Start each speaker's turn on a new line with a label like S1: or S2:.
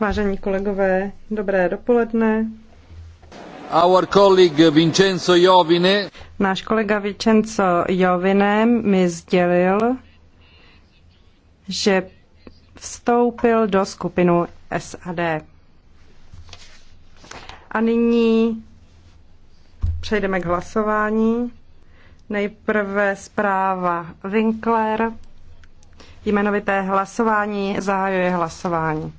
S1: Vážení kolegové, dobré dopoledne.
S2: Our colleague Vincenzo Jovine.
S1: Náš kolega Vincenzo Jovine mi sdělil, že vstoupil do skupinu SAD. A nyní přejdeme k hlasování. Nejprve zpráva Winkler. Jmenovité hlasování zahajuje hlasování.